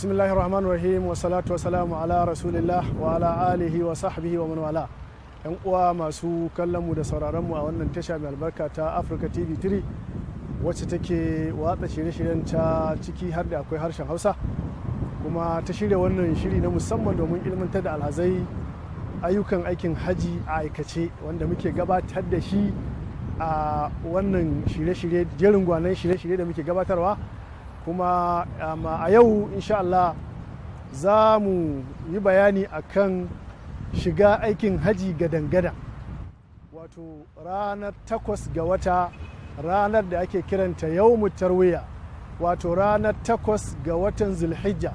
bismillahir rahmanir rahim wa salatu wa salamu ala rasulillah wa ala alihi wa sahbihi yan uwa masu kallon mu da sauraron a wannan tasha mai albarka ta Africa TV 3 wacce take watsa shirye-shiryen ta ciki har da akwai harshen Hausa kuma ta shirya wannan shiri na musamman domin ilmantar da alhazai ayyukan aikin haji a aikace wanda muke gabatar da shi a wannan shirye-shirye jerin gwanan shirye-shirye da muke gabatarwa kuma um, a yau insha Allah za mu yi bayani a kan shiga aikin haji gadan-gadan wato ranar takwas ga wata ranar da ake kiranta yau mu tarwiya wato ranar takwas ga watan zulhijja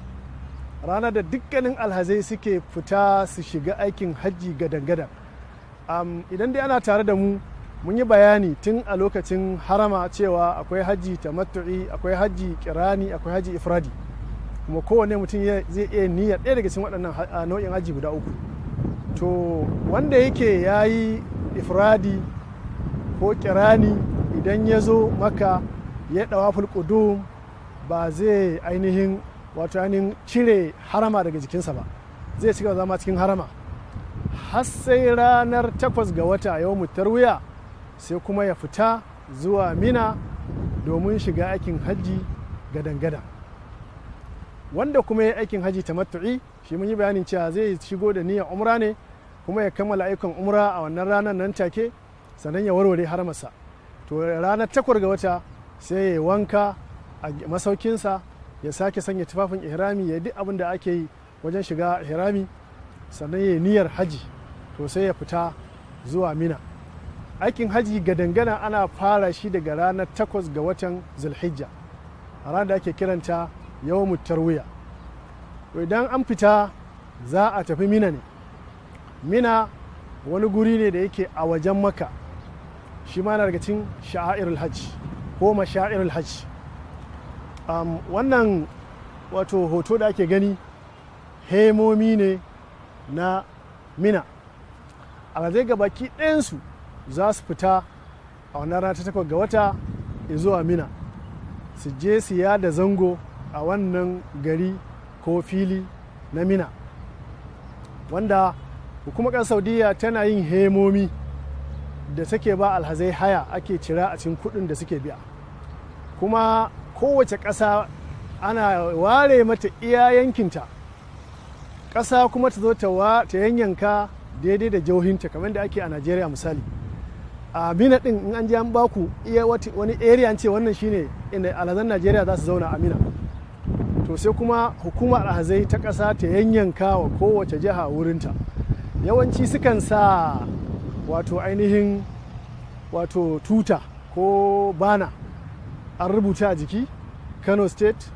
ranar da dukkanin alhazai suke fita su shiga aikin hajji gadan-gadan um, idan dai ana tare da mu mun yi bayani tun a lokacin harama cewa akwai hajji tamattu'i akwai hajji kirani akwai hajji ifradi kuma kowane mutum zai iya niyya ɗaya daga cikin waɗannan nau'in hajji guda uku to wanda yake ya yi ifradi ko kirani idan ya zo maka ya ɗawa fulƙudu ba zai ainihin wato ainihin cire harama daga jikinsa ba zai cika zama cikin harama har sai ranar takwas ga wata yau mutar wuya. sai kuma ya fita zuwa mina domin shiga aikin hajji gadan-gadan wanda kuma ya aikin hajji ta matu'i shi mun yi bayanin cewa zai shigo da niyyar umra ne kuma ya kammala aikin umra a wannan ranar nan take sannan ya warware harmasa to ranar takwar ga wata sai ya wanka a masaukinsa ya sake sanya tufafin ihrami ya duk abin da ake yi wajen shiga ihrami sannan ya yi niyyar haji to sai ya fita zuwa mina aikin haji ga dangana ana fara shi daga ranar takwas ga watan zulhijja a ranar da ake kiranta yawon tarwiya idan an fita za a tafi mina ne mina wani guri ne da yake a wajen maka shi ma daga cikin sha'airul Hajji. ko masha'irul Hajji. um, wannan wato hoto da ake gani hemomi ne na mina zai ga baki ɗayansu za su fita a wannan rana ta takwas ga wata zuwa mina su je su yada zango a wannan gari ko fili na mina wanda hukumar ƙasar saudiya tana yin hemomi da take ba alhazai haya ake cira a cikin kuɗin da suke biya kuma kowace ƙasa ana ware mata iya yankinta ƙasa kuma ta zo ta yanyanka daidai da jauhinta kamar da ake a najeriya misali a mina din in an je an baku iya wani area ce wannan shine inda alhazan najeriya za su zauna a mina to sai kuma hukumar alhazai ta kasa ta yanyanka wa kowace jiha wurinta yawanci sukan sa wato ainihin wato tuta ko bana an rubuta a jiki kano state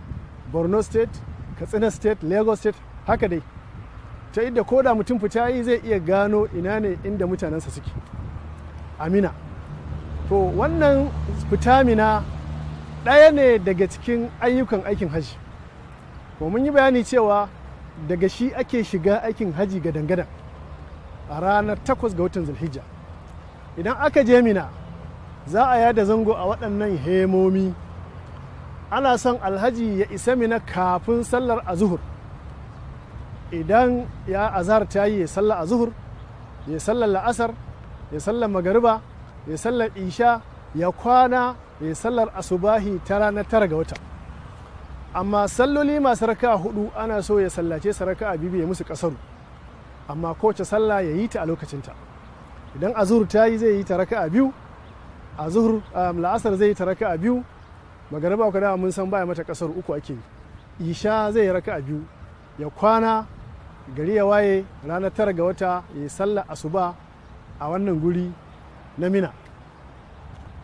borno state katsina state lagos state haka dai ta inda da mutum fita yi zai iya gano ina ne inda mutanensa suke amina to wannan fita mina ɗaya ne daga cikin ayyukan aikin haji. to mun yi bayani cewa daga shi ake shiga aikin haji ga dangadan a ranar takwas ga watan zulhijja idan aka je mina za a yada zango a waɗannan hemomi ana son alhaji ya isa mina kafin sallar azuhur idan ya azar ta yi sallar azuhur ya sallar la'asar ya sallar magariba ya sallar isha ya kwana ya sallar asubahi ta ranar tara ga wata amma salloli masu raka hudu ana so ya sallace su raka biyu ya musu kasaru amma kowace sallah ya yi ta a lokacinta idan azur ta yi zai yi ta raka biyu azur la'asar zai yi ta raka biyu magariba ku dama mun san baya mata kasar uku ake yi isha zai yi raka biyu ya kwana gari ya waye ranar tara ga wata ya yi sallar asuba a wannan guri na mina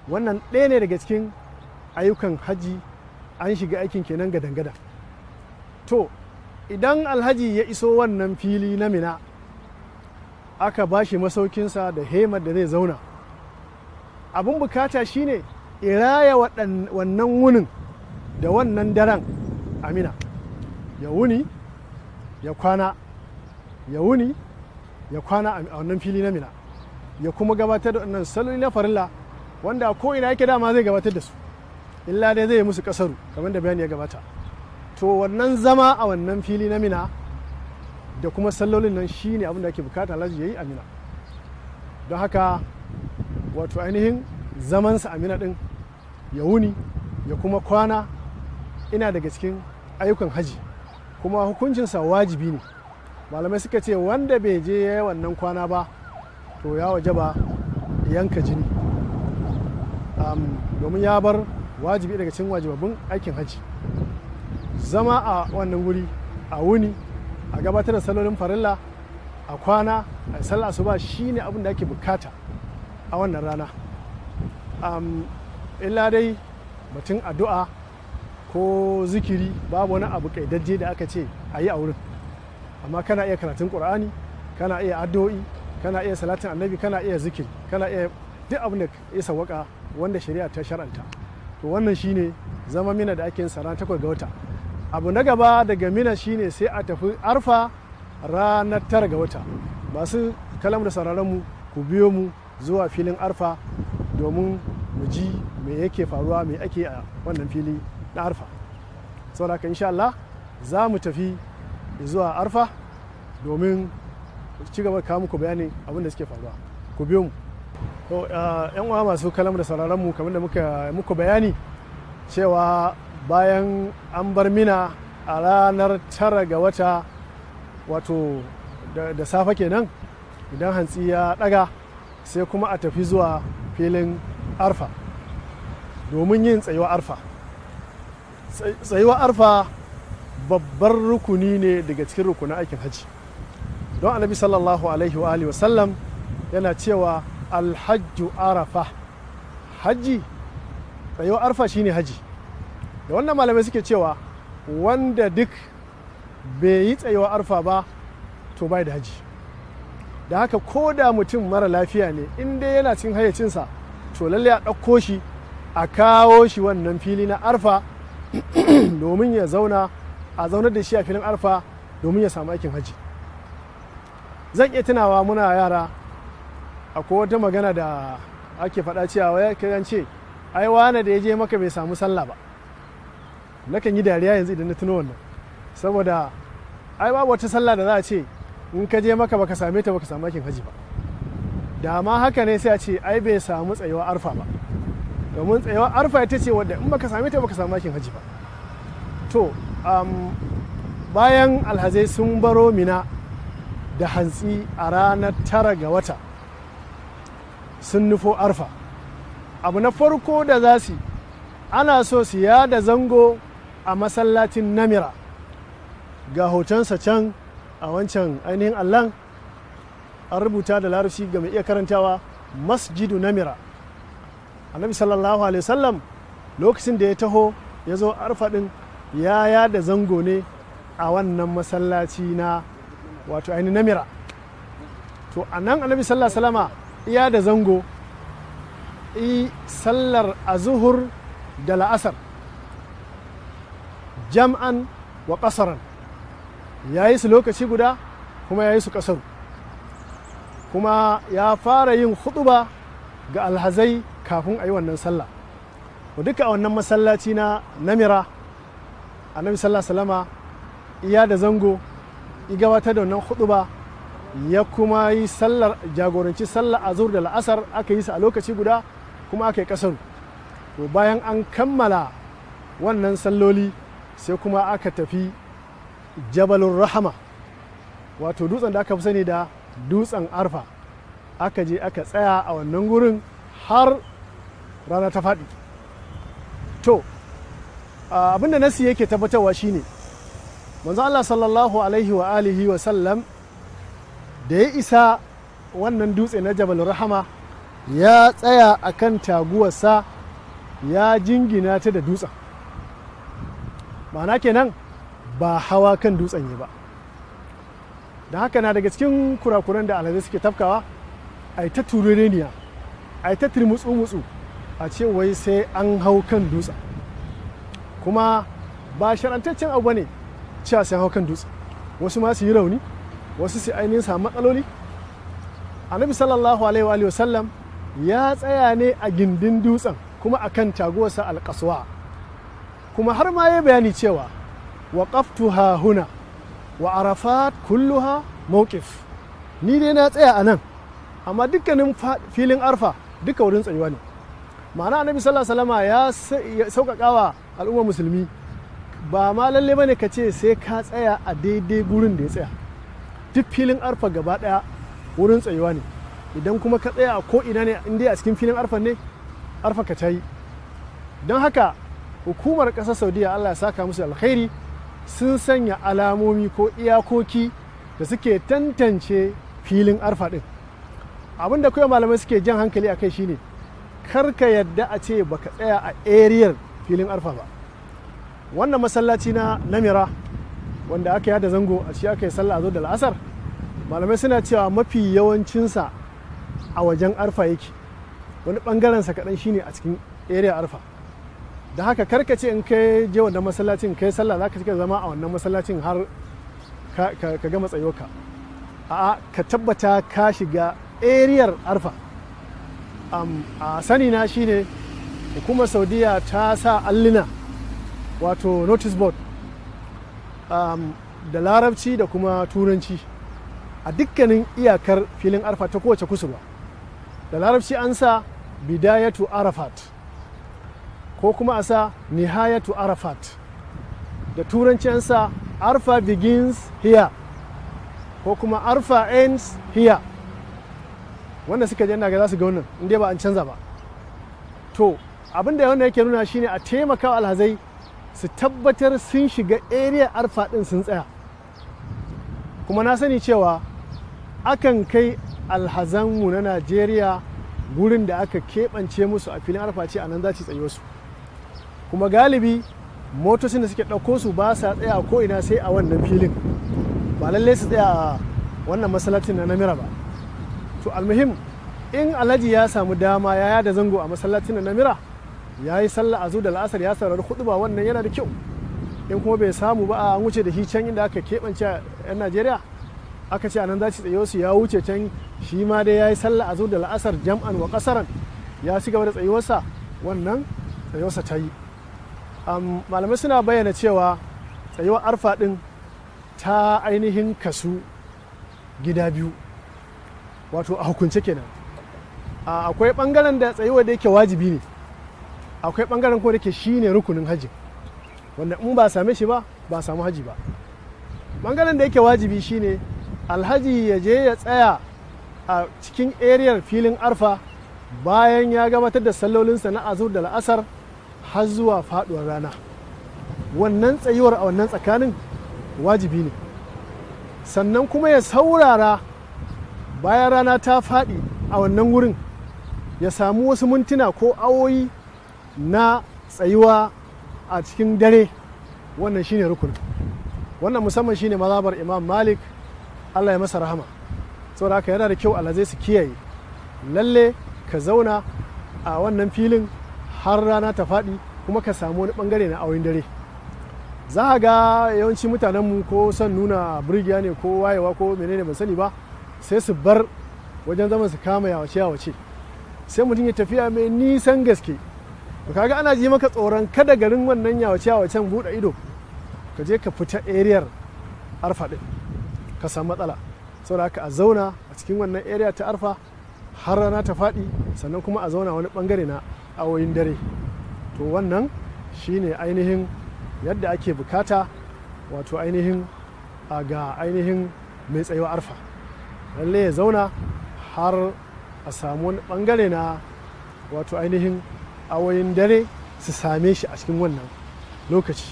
wannan ɗaya ne daga cikin ayyukan haji an shiga aikin kenan gadan-gadan to idan alhaji ya iso wannan fili na mina aka ba shi masaukinsa da hemar da zai zauna abin bukata shine iraya wannan wunin da wannan daren mina ya wuni ya kwana ya wuni ya kwana a wannan fili na mina ya kuma gabatar da wannan saloli na farilla wanda ko ina yake dama zai gabatar da su illa dai zai yi musu kasaru kamar da bayani ya gabata to wannan zama a wannan fili na mina da kuma sallolin nan shine abin da ake bukata alhaji yayi amina don haka wato ainihin zamansa a amina din ya wuni ya kuma kwana ina daga cikin ayyukan haji kuma hukuncinsa wajibi ne malamai suka ce wanda bai je ya yi wannan kwana ba to ya waje ba yanka jini domin ya bar wajibi daga cikin wajibabin aikin hajji zama a wannan wuri a wuni a gabatar da salolin farilla a kwana a sallah asuba shine abin da ake bukata a wannan rana illa dai batun addu'a ko zikiri babu wani abu kaidajje da aka ce a yi a wurin amma kana iya karatun ƙur'ani kana iya addu'o'i kana iya salatin annabi kana iya zikir kana iya duk abin da ya sawaka wanda shari'a ta shar'anta to wannan shine zama mina da ake yin sa ranar takwas ga wata abu na gaba daga mina shine sai a tafi arfa ranar tara ga wata masu kalam da sauraron mu ku biyo mu zuwa filin arfa domin mu ji me yake faruwa me ake a wannan fili na arfa saboda haka insha Allah za mu tafi zuwa arfa domin ci gaba kawo muku bayani abin da suke faruwa ku biyo mu to yan uwa masu kalam da sauraron mu kamar da muka muku bayani cewa bayan an bar mina a ranar tara ga wata wato da safe kenan idan hantsi ya daga sai kuma a tafi zuwa filin arfa domin yin tsayuwa arfa tsayuwa arfa babbar rukuni ne daga cikin rukunin aikin hajji don annabi sallallahu alaihi wa alihi wasallam yana cewa alhajju arafa haji tsayo arfa shine haji da wannan malamai suke cewa wanda duk bai yi tsayo arfa ba to bai da haji da haka ko da mutum mara lafiya ne in yana cin hayyacinsa to lalle a ɗauko shi a kawo shi wannan fili na arfa domin ya zauna a zaunar da shi a filin arfa domin ya samu aikin haji zan iya tunawa muna yara akwai wata magana da ake faɗa cewa ya kan ce ai wane da ya je maka bai samu sallah ba nakan yi dariya yanzu idan na tuno wannan saboda ai babu wata sallah da za a ce in ka je maka baka same ta baka samu aikin haji ba da ma haka ne sai a ce ai bai samu tsayuwa arfa ba domin tsayuwa arfa ita ce wadda in baka same ta baka samu aikin haji ba to bayan alhazai sun baro mina da hantsi a ranar tara ga wata sun nufo arfa abu na farko da za su ana so su yada zango a masallacin namira ga hotonsa can a wancan ainihin allan an rubuta da larabci ga mai iya karantawa masjidu namira annabi sallallahu alaihi wasallam lokacin da ya taho ya zo arfa ɗin ya yada zango ne a wannan masallaci na wato ainihin namira to a nan annabi sallallahu salama iya da zango i sallar azuhur da la'asar jam'an wa ƙasaran ya yi su lokaci guda kuma ya yi su ƙasar kuma ya fara yin huɗuba ga alhazai kafin a yi wannan sallah duka a wannan masallaci na namira annabi sallallahu iya da zango ya gabatar da wannan ba ya kuma yi sallar jagoranci sallar azur da la'asar aka yi su a lokaci guda kuma aka yi kasar to bayan an kammala wannan salloli sai kuma aka tafi jabalun rahama wato dutsen da aka fi sani da dutsen arfa aka je aka tsaya a wannan gurin har rana ta faɗi to abinda nasi yake tabbatarwa shine ne manzo Allah sallallahu alaihi wa alihi wa sallam da ya isa wannan dutse na jabal rahama ya tsaya a kan taguwarsa ya jingina ta da dutsen ma'ana kenan ba hawa kan dutsen ya ba da haka na daga cikin kurakuran da alhazai suke tafkawa a yi ta tureniya a yi ta turmutsu-mutsu a ce wai sai an hau kan dutsen kuma ba sharantaccen abu ne cewa sai hau kan dutse wasu ma su yi rauni wasu su ainihin samu matsaloli annabi sallallahu alaihi wa sallam ya tsaya ne a gindin dutsen kuma a kan taguwarsa alkasuwa kuma har ma ya bayani cewa waqaftuha huna wa arafat kulluha mawqif ni dai na tsaya a nan amma dukkanin filin arfa duka wurin tsayuwa ne ma'ana annabi sallallahu alaihi ya sauƙaƙa wa al'ummar musulmi ba ma lalle bane ka ce sai ka tsaya a daidai gurin da ya tsaya duk filin arfa gaba daya wurin tsayuwa ne idan kuma ka tsaya a ko ina ne inda a cikin filin arfa ne arfa ka ta yi don haka hukumar ƙasar saudiya allah ya saka musu alkhairi sun sanya alamomi ko iyakoki da suke tantance filin arfa din abin da kawai malamai suke jan hankali a kai shine kar ka yadda a ce baka tsaya a ariyar filin arfa ba wannan masallaci na namira wanda aka yada zango a shi aka yi sallah a zo da la'asar malamai suna cewa mafi yawancinsa a wajen arfa yake wani bangaren sa kaɗan shine a cikin area arfa da haka karkace in kai je wannan masallacin kai sallah za ka cika zama a wannan masallacin har ka gama tsayoka a'a ka tabbata ka shiga area arfa a sani na shine hukumar saudiya ta sa allina wato notice board um, da larabci da kuma turanci a dukkanin iyakar filin arfa ta kowace kusurwa da larabci an sa bidayatu arafat ko kuma a sa nihayatu arafat da turanci an sa arfa begins here ko kuma arfa ends here wanda suka je ga za su ga wannan inda ba an canza ba to abinda da yake nuna shine a taimaka alhazai su tabbatar sun shiga area arfa din sun tsaya kuma na sani cewa akan kai alhazan mu na najeriya gurin da aka keɓance musu a filin arfa ce a nan za su tsaye su kuma galibi motocin da suke ɗauko su ba sa tsaya ko ina sai a wannan filin ba lallai su tsaya a wannan masallacin na namira ba to almuhim in alhaji ya samu dama ya yada zango a masallacin na namira ya yi sallah a da la'asar ya saurari hudu ba wannan yana da kyau in kuma bai samu ba a wuce da shi can inda aka keɓance a 'yan najeriya aka ce anan za su tsayo su ya wuce can shi ma dai ya yi sallah a da la'asar jam'an wa kasaran ya ci gaba da tsayuwarsa wannan tsayuwarsa ta yi malamai suna bayyana cewa tsayuwar arfa ɗin ta ainihin kasu gida biyu wato a hukunce kenan akwai ɓangaren da tsayuwar da yake wajibi ne akwai bangaren ko da ke shine rukunin haji wanda in ba same shi ba ba samu haji ba bangaren da yake wajibi shine alhaji ya je ya tsaya a cikin ariyar filin arfa bayan ya gabatar da sallolinsa na azur da la'asar har zuwa faduwar rana wannan tsayuwar a wannan tsakanin wajibi ne sannan kuma ya saurara bayan rana ta faɗi a wannan wurin ya samu wasu mintuna ko awoyi na tsayuwa a cikin dare wannan shine rukunin wannan musamman shine mazabar imam malik allah ya masa rahama saboda haka yana da kyau zai su kiyaye lalle ka zauna a wannan filin har rana ta faɗi kuma ka samu wani bangare na auyin dare za a ga yawanci mutanenmu ko son nuna birgiya ne ko wayewa ko menene ban sani ba sai su bar wajen zaman su kama yawace yawace sai mutum ya tafiya mai nisan gaske to kaga ana ji maka tsoron kada garin wannan yawace yawacen buɗe ido ka je ka fita ariyar arfa din ka samu matsala saboda haka a zauna a cikin wannan area ta arfa har rana ta fadi sannan kuma a zauna wani bangare na awoyin dare to wannan shine ainihin yadda ake bukata wato ainihin a ga ainihin mai tsayuwa arfa lalle ya zauna har a samu wani bangare na wato ainihin a awoyin dare su same shi a cikin wannan lokaci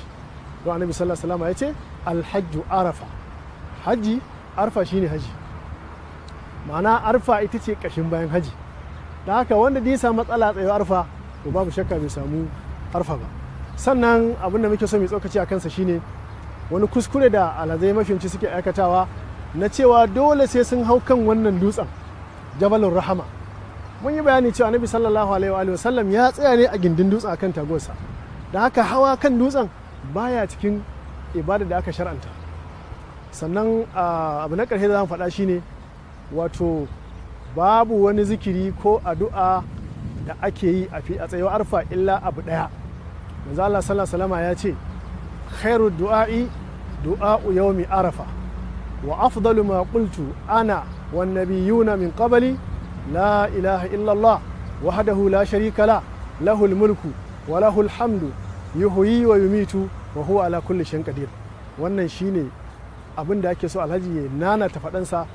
don annabi sallallahu alaihi wasallam ya ce alhajju arafa haji arfa shine haji ma'ana arfa ita ce kashin bayan haji da haka wanda da ya samu matsala tsayo arfa to babu shakka bai samu arfa ba sannan abin da muke so mu tsokaci a kansa shine wani kuskure da alhazai mafiyanci suke aikatawa na cewa dole sai sun hau kan wannan dutsen jabalin rahama mun yi bayani cewa annabi sallallahu alaihi wa sallam ya tsaya ne a gindin dutsen akan tagosa da haka hawa kan dutsen baya cikin ibada da aka shar'anta sannan abu na ƙarshe da zan faɗa shine wato babu wani zikiri ko addu'a da ake yi a tsayo arfa illa abu ɗaya manzo Allah sallallahu alaihi ya ce khairu du'a'i du'a'u yawmi arafa wa afdalu ma qultu ana wan nabiyuna min qabli لا إله إلا الله وحده لا شريك له له الملك وله الحمد يحيي ويميت وهو على كل شيء قدير wannan ne abin da ake so alhaji ya nana ta faɗansa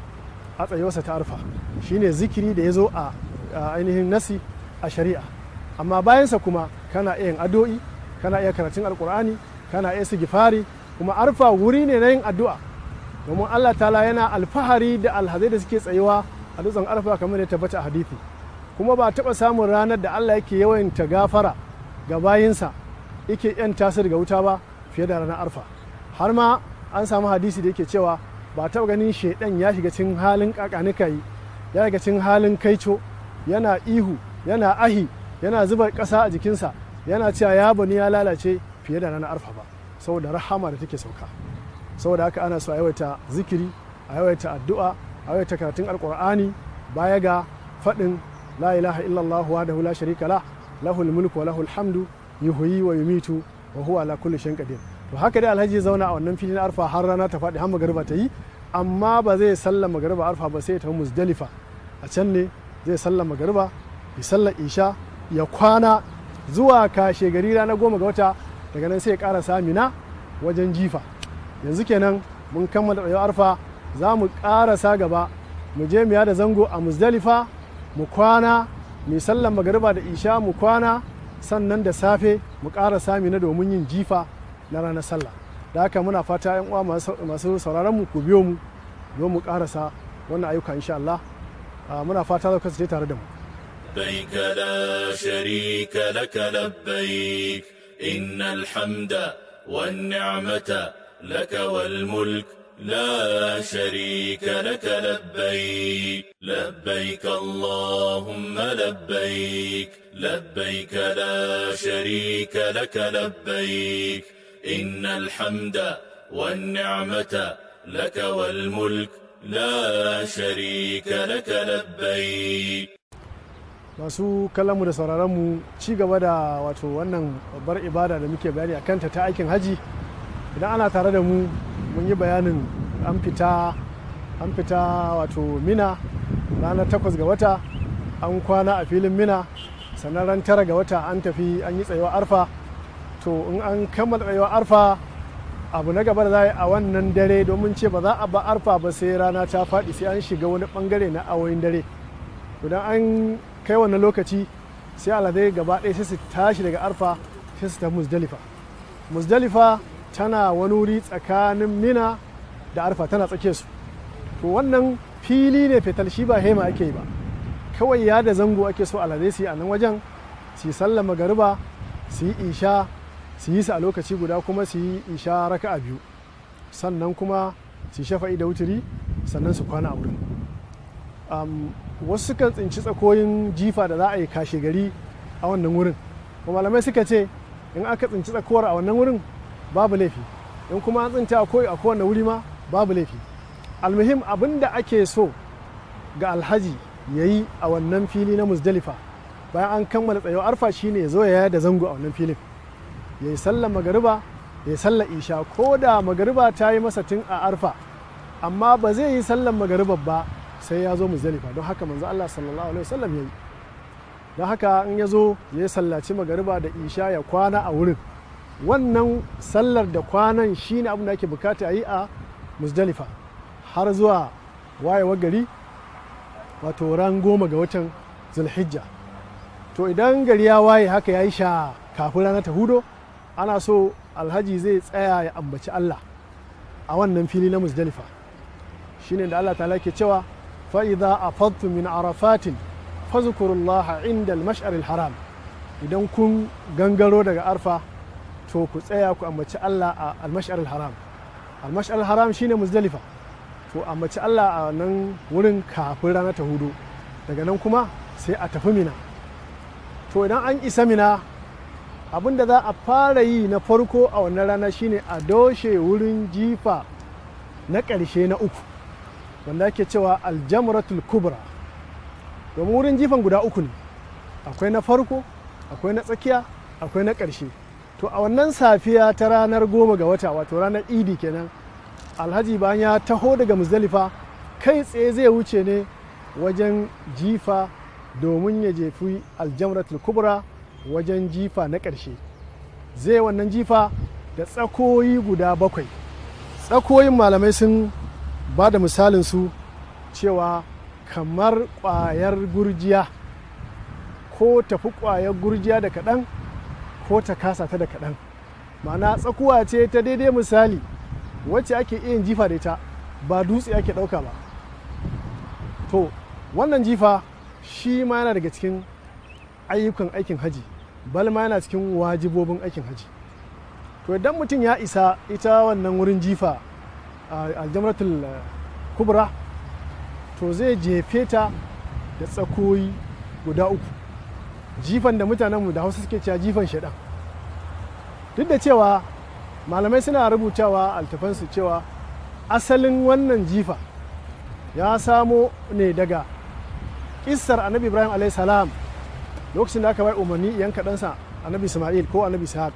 a tsayuwarsa ta arfa Shi ne zikiri da ya zo a ainihin nasi a shari'a amma bayansa kuma kana iya addu'o'i kana iya karatun alkur'ani kana iya sigifari kuma arfa wuri ne na yin addu'a domin allah ta'ala yana alfahari da alhazai da suke tsayuwa a dutsen arfa kamar da tabbata a hadithi kuma ba taɓa samun ranar da allah yake yawanta gafara ga bayinsa yake yan tasir ga wuta ba fiye da ranar arfa har ma an samu hadisi da yake cewa ba taɓa ganin shaidan ya shiga cin halin kakanika yi ya shiga cikin halin kaico yana ihu yana ahi yana zuba ƙasa a jikinsa yana cewa ya bani ya lalace fiye da ranar arfa ba saboda rahama da take sauka saboda haka ana so a yawaita zikiri a yawaita addu'a a ta karatun alkur'ani baya ga faɗin la ilaha illallah da hula sharika la lahul mulku wa lahul hamdu yuhyi wa yumitu wa huwa ala kulli shay'in qadir to haka dai alhaji zauna a wannan filin arfa har rana ta faɗi hama Garba ta yi amma ba zai sallama magariba arfa ba sai ta muzdalifa musdalifa a can ne zai sallama magariba ya sallar isha ya kwana zuwa kashe gari rana goma ga wata daga nan sai ya kara samina wajen jifa yanzu kenan mun kammala ɗayo arfa za mu ƙarasa gaba mu je miya da zango a muzdalifa mu kwana mai sallan magariba da isha mu kwana sannan da safe mu ƙarasa sami na domin yin jifa na ranar sallah da haka muna fata yan uwa masu sauraron mu ku biyo mu don mu ƙarasa wannan ayyuka insha Allah muna fata za kasance tare da mu لبيك لا شريك لك لبيك إن الحمد والنعمة لك والملك لا شريك لك لبيك لبيك اللهم لبيك لبيك لا شريك لك لبيك إن الحمد والنعمة لك والملك لا شريك لك لبيك masu kallonmu da sauraronmu ci gaba da wato wannan babbar ibada da muke bayani a kanta ta aikin haji idan ana tare da mu mun yi bayanin an fita an fita wato mina ranar takwas ga wata an kwana a filin mina sannan ran tara ga wata an tafi an yi tsayuwar arfa to in an kammala tsayuwar arfa abu na gaba da za a wannan dare domin ce ba za a ba arfa ba sai rana ta faɗi sai an shiga wani bangare na awoyin dare idan an kai wannan lokaci sai aladai gaba ɗaya sai su tashi daga arfa sai su ta musdalifa musdalifa tana wani wuri tsakanin mina da arfa tana tsake su to wannan fili ne fetal shi ba hema ake yi ba kawai ya da zango ake so alhazai su yi a nan wajen su yi sallar magariba su yi isha su yi su a lokaci guda kuma su yi isha raka a biyu sannan kuma su shafa'i da wuturi sannan su kwana a wurin wasu sukan tsinci tsakoyin jifa da za a yi kashe gari a wannan wurin malamai suka ce in aka tsinci tsakowar a wannan wurin babu laifi in kuma an tsinta a a kowane wuri ma babu laifi almuhim abin da ake so ga alhaji ya yi a wannan fili na musdalifa bayan an kammala tsayo arfa shine ya zo ya da zango a wannan filin ya yi sallar magariba ya yi sallar isha ko da magariba ta yi masa tun a arfa amma ba zai yi sallar magariba ba sai ya zo musdalifa don haka manzo Allah sallallahu alaihi wasallam ya yi don haka in ya zo ya yi sallaci magariba da isha ya kwana a wurin wannan sallar da kwanan shi ne abin da ake bukata a yi a musdalifa har zuwa wayewar gari wato ran goma ga watan zulhijja to idan gari ya waye haka ya yi sha kafin rana ta hudo ana so alhaji zai tsaya ya ambaci allah a wannan fili na musdalifa shine da allah ta ke cewa fa'iza a min arafatin fazukurullaha inda al haram idan kun gangaro daga arfa to ku tsaya ku ambaci Allah a almashar haram almashar haram shine muzdalifa to ambaci Allah a nan wurin kafin rana ta hudu daga nan kuma sai a tafi mina to idan an isa mina abin da za a fara yi na farko a wannan rana shine a doshe wurin jifa na ƙarshe na uku wanda ake cewa aljamratul kubra domin wurin jifan guda uku ne akwai na farko akwai na tsakiya akwai na ƙarshe to a wannan safiya ta ranar goma ga wata wato ranar idi kenan alhaji bayan ya taho daga muzdalifa kai tsaye zai wuce ne wajen jifa domin ya jefi aljamratul kubra wajen jifa na ƙarshe zai wannan jifa da tsakoyi guda bakwai tsakoyin malamai sun ba da misalin su cewa kamar ƙwayar gurjiya ko tafi ƙwayar gurjiya da kaɗan ko ta kasa ta da kaɗan ma'ana tsakuwa ce ta daidai misali wacce ake iya jifa da ita ba dutse ake ɗauka ba to wannan jifa shi ma yana daga cikin ayyukan aikin haji ma yana cikin wajibobin aikin haji to idan mutum ya isa ita wannan wurin jifa a jamratul eh, kubra to zai jefe ta da tsakoyi guda uku jifan da mutanen mu da hausa suke cewa jifan shaɗan duk da cewa malamai suna rubutawa altafansu cewa asalin wannan jifa ya samo ne daga kissar annabi ibrahim salam lokacin da aka bai umarni yanka ɗansa annabi ismail ko annabi sa'ad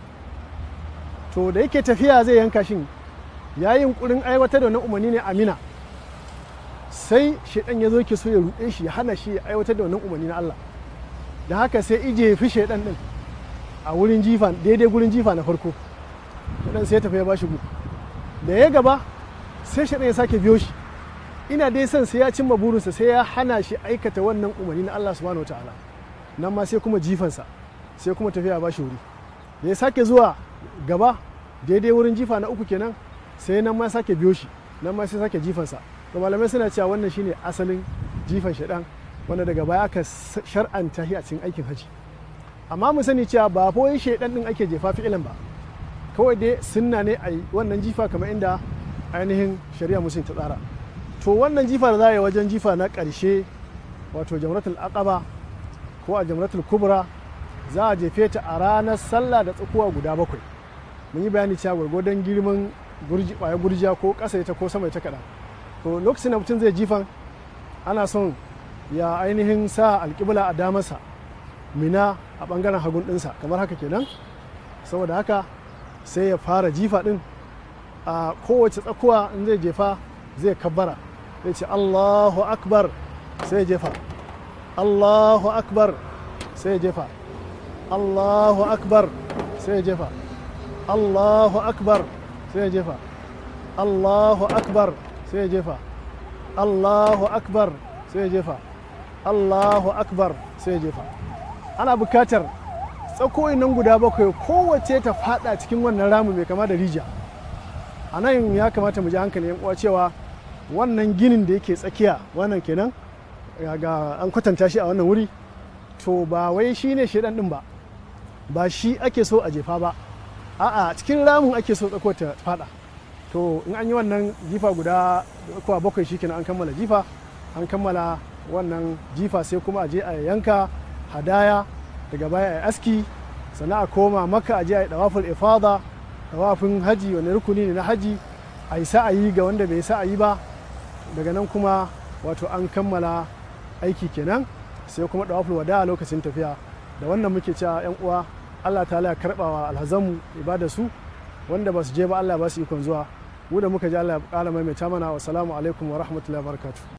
to da yake tafiya zai yanka shin ya yi yunkurin aiwatar da wannan umarni ne amina sai shaidan ya zo ke so ya ruɗe shi ya hana shi ya aiwatar da wannan umarni na allah da haka sai ije ya fi shaidan din a wurin jifa daidai gurin jifa na farko shaidan sai ya tafi ya bashi gu da ya gaba sai shaidan ya sake biyo shi ina dai son sai ya cimma burinsa sai ya hana shi aikata wannan umarni na Allah subhanahu wataala nan ma sai kuma jifansa sai kuma tafiya bashi wuri da ya sake zuwa gaba daidai wurin jifa na uku kenan sai nan ma sake biyo shi nan ma sai sake jifansa to malamai suna cewa wannan shine asalin jifan shaidan wanda daga baya aka shar'anta shi a cikin aikin hajji amma mu sani cewa ba fa shedan din ake jefa fi'ilan ba kawai dai sunna ne a wannan jifa kamar inda ainihin shari'a musulun ta tsara to wannan jifa da za a yi wajen jifa na ƙarshe wato jamratul aqaba ko a jamratul kubra za a jefe ta a ranar sallah da tsakuwa guda bakwai mun yi bayani cewa gwargwadon girman gurji gurjiya ko kasa ita ko sama ta kaɗan to lokacin da mutum zai jifan ana son ya ainihin sa alƙibla a damarsa mina a ɓangaren hagun ɗinsa kamar haka kenan saboda haka sai ya fara jifa ɗin a kowace tsakuwa in zai jefa zai kabbara zai ce allahu akbar sai ya jefa allahu akbar sai ya jefa allahu akbar sai ya jefa allahu akbar sai ya jefa allahu akbar sai jefa allahu akbar sai jefa Allahu akbar sai jefa ana bukatar tsakoyin nan guda bakwai kowace ta fada cikin wannan ramu mai kama da rija a nan ya kamata mu ji hankali yan uwa cewa wannan ginin da yake tsakiya wannan kenan ga an kwatanta shi a wannan wuri to ba wai shi ne shaidan din ba ba shi ake so a jefa ba a'a cikin ramin ake so tsako ta fada to in an yi wannan jifa guda bakwai shi kenan an kammala jifa an kammala wannan jifa sai kuma a je a yanka hadaya daga baya a aski sannan a koma maka a je a yi dawaful ifada dawafin haji wani rukuni ne na haji a yi sa'ayi ga wanda bai sa'ayi ba daga nan kuma wato an kammala aiki kenan sai kuma dawaful wada a lokacin tafiya da wannan muke cewa yan uwa Allah ta ya karba wa alhazamu ibada su wanda ba su je ba Allah ba su ikon zuwa mu da muka ji Allah ya bukala maimaita mana wa salamu alaikum wa rahmatullahi wa barakatuh